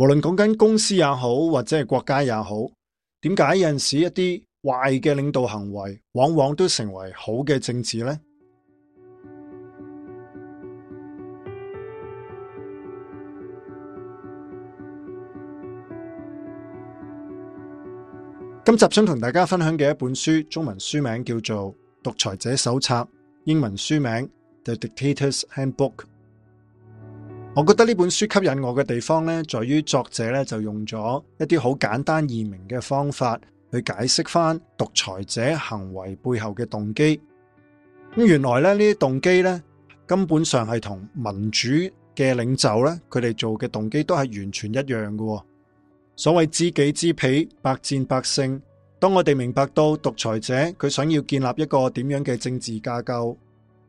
無論講緊公司也好，或者係國家也好，點解有陣時一啲壞嘅領導行為，往往都成為好嘅政治呢？ 今集想同大家分享嘅一本書，中文書名叫做《獨裁者手冊》，英文書名《The Dictator's Handbook》。我覺得呢本書吸引我嘅地方呢，在於作者呢，就用咗一啲好簡單易明嘅方法去解釋翻獨裁者行為背後嘅動機。原來呢啲動機呢，根本上係同民主嘅領袖呢，佢哋做嘅動機都係完全一樣嘅。所謂知己知彼，百戰百勝。當我哋明白到獨裁者佢想要建立一個點樣嘅政治架構，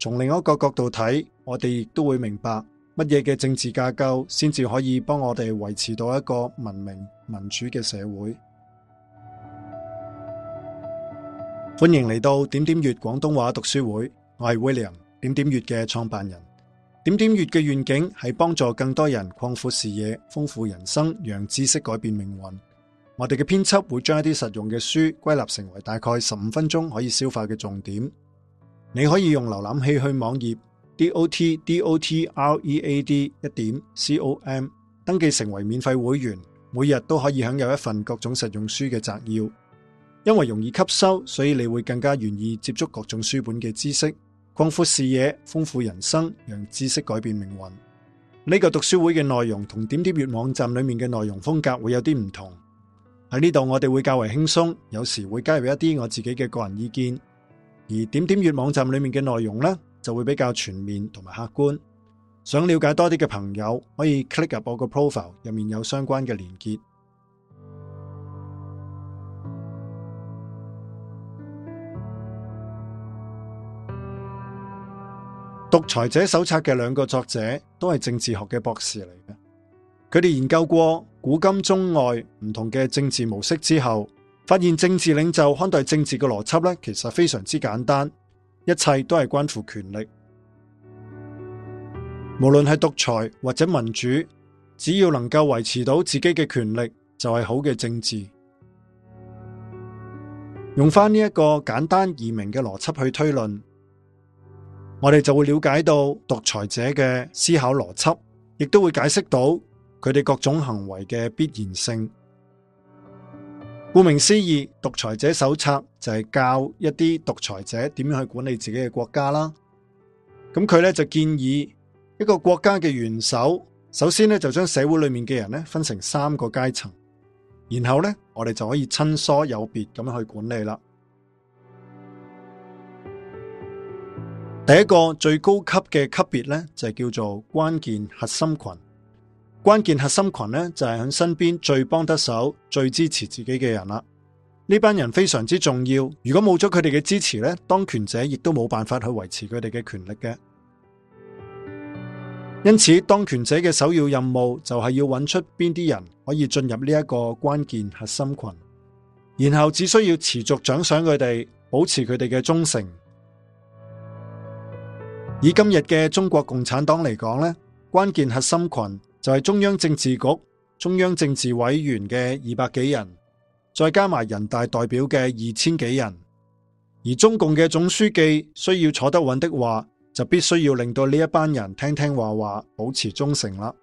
從另一個角度睇，我哋亦都會明白。乜嘢嘅政治架構先至可以幫我哋維持到一個文明民主嘅社會？歡迎嚟到點點粵廣東話讀書會，我係 William，點點粵嘅創辦人。點點粵嘅願景係幫助更多人擴闊視野、豐富人生，讓知識改變命運。我哋嘅編輯會將一啲實用嘅書歸納成為大概十五分鐘可以消化嘅重點。你可以用瀏覽器去網頁 dot dot read 一點 com 登記成為免費會員，每日都可以享有一份各種實用書嘅摘要，因為容易吸收，所以你會更加願意接觸各種書本嘅知識，擴闊視野，豐富人生，讓知識改變命運。呢、這個讀書會嘅內容同點點閱網站裏面嘅內容風格會有啲唔同，喺呢度我哋會較為輕鬆，有時會加入一啲我自己嘅個人意見，而點點閱網站裏面嘅內容呢，就會比較全面同埋客觀。想了解多啲嘅朋友，可以 click 入我個 profile，入面有相關嘅連結。《獨裁者手冊》嘅兩個作者都係政治學嘅博士嚟嘅，佢哋研究過古今中外唔同嘅政治模式之後，發現政治領袖看待政治嘅邏輯咧，其實非常之簡單。一切都係關乎權力，無論係獨裁或者民主，只要能夠維持到自己嘅權力，就係好嘅政治。用翻呢一個簡單而明嘅邏輯去推論，我哋就會了解到獨裁者嘅思考邏輯，亦都會解釋到佢哋各種行為嘅必然性。顧名思義，獨裁者手冊就係教一啲獨裁者點樣去管理自己嘅國家啦。咁佢咧就建議一個國家嘅元首，首先咧就將社會裏面嘅人咧分成三個階層，然後咧我哋就可以親疏有別咁樣去管理啦。第一個最高級嘅級別咧就係叫做關鍵核心群。關鍵核心群咧就係喺身邊最幫得手、最支持自己嘅人啦。呢班人非常之重要，如果冇咗佢哋嘅支持咧，當權者亦都冇辦法去維持佢哋嘅權力嘅。因此，當權者嘅首要任務就係要揾出邊啲人可以進入呢一個關鍵核心群，然後只需要持續獎賞佢哋，保持佢哋嘅忠誠。以今日嘅中國共產黨嚟講咧，關鍵核心群。就係中央政治局、中央政治委員嘅二百幾人，再加埋人大代表嘅二千幾人，而中共嘅總書記需要坐得穩的話，就必須要令到呢一班人聽聽話話，保持忠誠啦。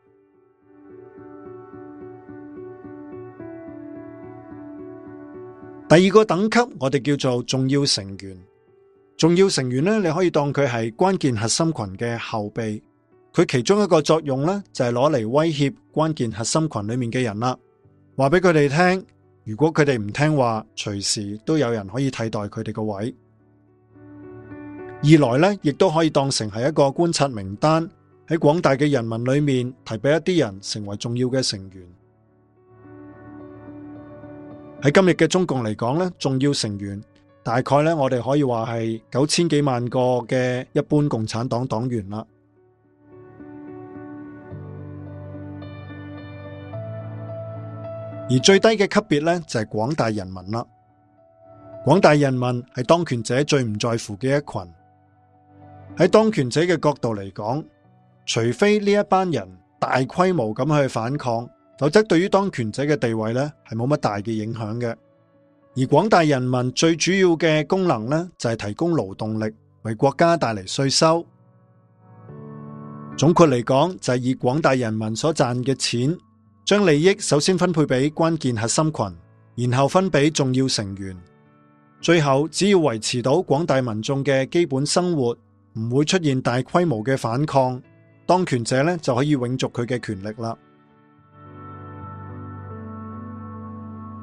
第二個等級，我哋叫做重要成員。重要成員呢，你可以當佢係關鍵核心群嘅後備。佢其中一個作用咧，就係攞嚟威脅關鍵核心群裏面嘅人啦，話俾佢哋聽，如果佢哋唔聽話，隨時都有人可以替代佢哋個位。二來咧，亦都可以當成係一個觀察名單，喺廣大嘅人民裏面提俾一啲人成為重要嘅成員。喺今日嘅中共嚟講咧，重要成員大概咧，我哋可以話係九千幾萬個嘅一般共產黨黨員啦。而最低嘅級別咧，就係、是、廣大人民啦。廣大人民係當權者最唔在乎嘅一群。喺當權者嘅角度嚟講，除非呢一班人大規模咁去反抗，否則對於當權者嘅地位咧係冇乜大嘅影響嘅。而廣大人民最主要嘅功能咧，就係、是、提供勞動力，為國家帶嚟稅收。總括嚟講，就係、是、以廣大人民所賺嘅錢。將利益首先分配俾關鍵核心群，然後分俾重要成員，最後只要維持到廣大民眾嘅基本生活，唔會出現大規模嘅反抗，當權者咧就可以永續佢嘅權力啦。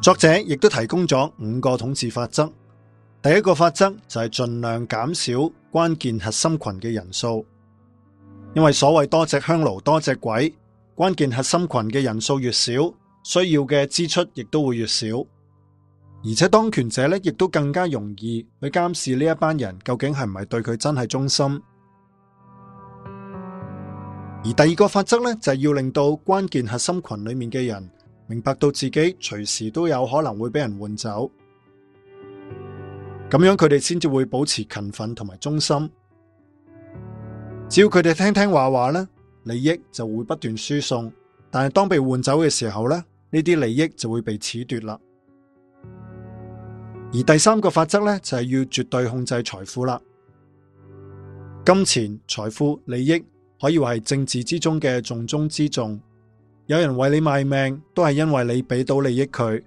作者亦都提供咗五個統治法則，第一個法則就係盡量減少關鍵核心群嘅人數，因為所謂多隻香爐多隻鬼。關鍵核心群嘅人數越少，需要嘅支出亦都會越少，而且當權者咧亦都更加容易去監視呢一班人究竟係唔係對佢真係忠心。而第二個法則咧，就係要令到關鍵核心群裏面嘅人明白到自己隨時都有可能會俾人換走，咁樣佢哋先至會保持勤奮同埋忠心。只要佢哋聽聽話話咧，利益就會不斷輸送，但係當被換走嘅時候咧，呢啲利益就會被褫奪啦。而第三個法則咧，就係要絕對控制財富啦。金錢、財富、利益可以話係政治之中嘅重中之重。有人為你賣命都係因為你俾到利益佢。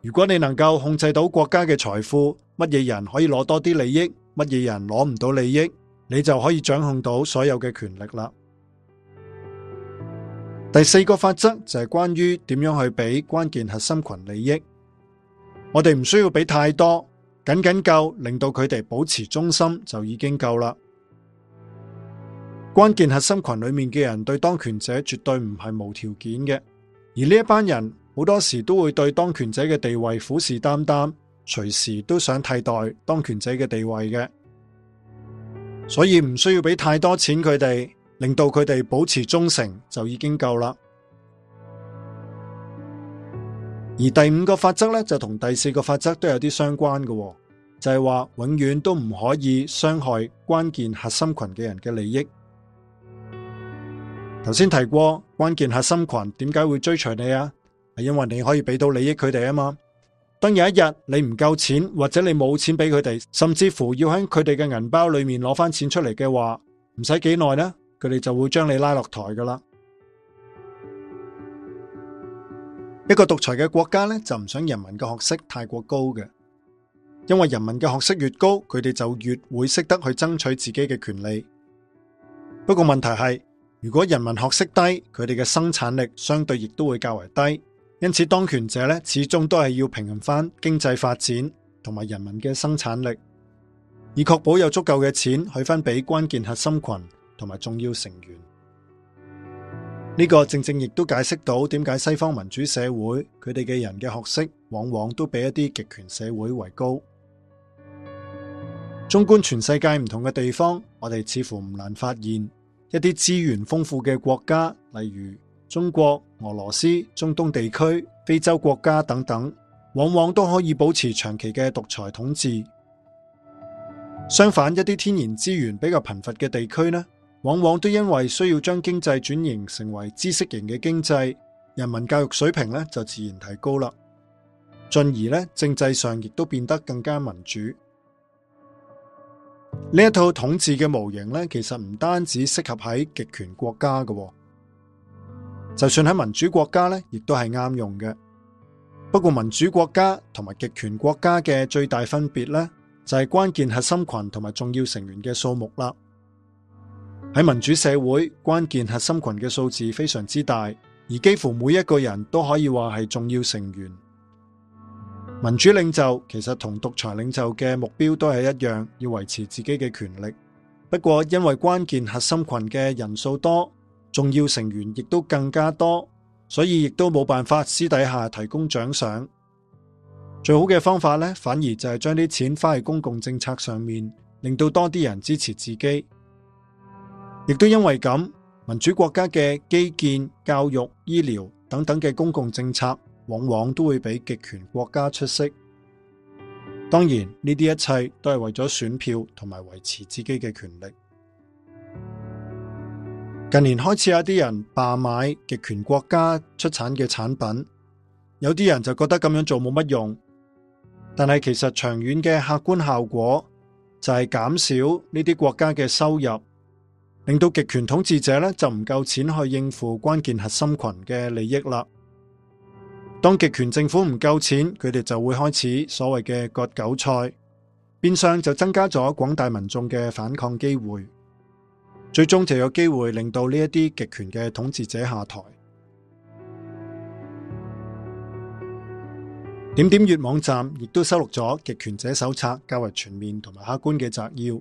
如果你能夠控制到國家嘅財富，乜嘢人可以攞多啲利益，乜嘢人攞唔到利益，你就可以掌控到所有嘅權力啦。第四個法則就係關於點樣去俾關鍵核心群利益，我哋唔需要俾太多，僅僅夠令到佢哋保持忠心就已經夠啦。關鍵核心群裏面嘅人對當權者絕對唔係無條件嘅，而呢一班人好多時都會對當權者嘅地位虎視眈眈，隨時都想替代當權者嘅地位嘅，所以唔需要俾太多錢佢哋。令到佢哋保持忠誠就已經夠啦。而第五個法則咧，就同第四個法則都有啲相關嘅喎，就係話永遠都唔可以傷害關鍵核心群嘅人嘅利益。頭先提過關鍵核心群點解會追隨你啊？係因為你可以俾到利益佢哋啊嘛。當有一日你唔夠錢或者你冇錢俾佢哋，甚至乎要喺佢哋嘅銀包裏面攞翻錢出嚟嘅話，唔使幾耐呢。佢哋就會將你拉落台噶啦。一個獨裁嘅國家咧，就唔想人民嘅學識太過高嘅，因為人民嘅學識越高，佢哋就越會識得去爭取自己嘅權利。不過問題係，如果人民學識低，佢哋嘅生產力相對亦都會較為低，因此當權者咧始終都係要平衡翻經濟發展同埋人民嘅生產力，以確保有足夠嘅錢去分俾關鍵核心群。同埋重要成員，呢個正正亦都解釋到點解西方民主社會佢哋嘅人嘅學識往往都比一啲極權社會為高。縱觀全世界唔同嘅地方，我哋似乎唔難發現，一啲資源豐富嘅國家，例如中國、俄羅斯、中東地區、非洲國家等等，往往都可以保持長期嘅獨裁統治。相反，一啲天然資源比較貧乏嘅地區呢，往往都因為需要將經濟轉型成為知識型嘅經濟，人民教育水平咧就自然提高啦，進而咧政制上亦都變得更加民主。呢一套統治嘅模型咧，其實唔單止適合喺極權國家嘅，哦，就算喺民主國家咧，亦都係啱用嘅。不過民主國家同埋極權國家嘅最大分別咧，就係、是、關鍵核心群同埋重要成員嘅數目啦。喺民主社會，關鍵核心群嘅數字非常之大，而幾乎每一個人都可以話係重要成員。民主領袖其實同獨裁領袖嘅目標都係一樣，要維持自己嘅權力。不過因為關鍵核心群嘅人數多，重要成員亦都更加多，所以亦都冇辦法私底下提供獎賞。最好嘅方法咧，反而就係將啲錢花喺公共政策上面，令到多啲人支持自己。亦都因為咁，民主國家嘅基建、教育、醫療等等嘅公共政策，往往都會比極權國家出色。當然，呢啲一切都係為咗選票同埋維持自己嘅權力。近年開始，有啲人罷買極權國家出產嘅產品，有啲人就覺得咁樣做冇乜用，但係其實長遠嘅客觀效果就係減少呢啲國家嘅收入。令到極權統治者咧就唔夠錢去應付關鍵核心群嘅利益啦。當極權政府唔夠錢，佢哋就會開始所謂嘅割韭菜，變相就增加咗廣大民眾嘅反抗機會。最終就有機會令到呢一啲極權嘅統治者下台。點點閱網站亦都收錄咗極權者手冊，較為全面同埋客觀嘅摘要。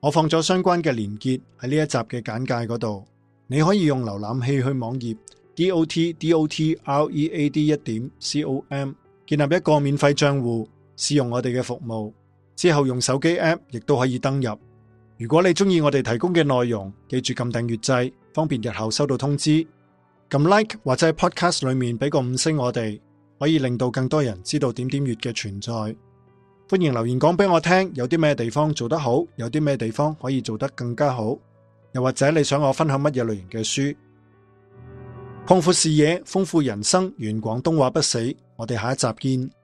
我放咗相關嘅鏈接喺呢一集嘅簡介嗰度，你可以用瀏覽器去網頁 dot dot read 一點 com 建立一個免費賬戶，使用我哋嘅服務之後，用手機 app 亦都可以登入。如果你中意我哋提供嘅內容，記住撳訂閱掣，方便日後收到通知。撳 like 或者喺 podcast 裏面俾個五星我，我哋可以令到更多人知道點點閱嘅存在。歡迎留言講俾我聽，有啲咩地方做得好，有啲咩地方可以做得更加好，又或者你想我分享乜嘢類型嘅書，擴闊視野，豐富人生，願廣東話不死。我哋下一集見。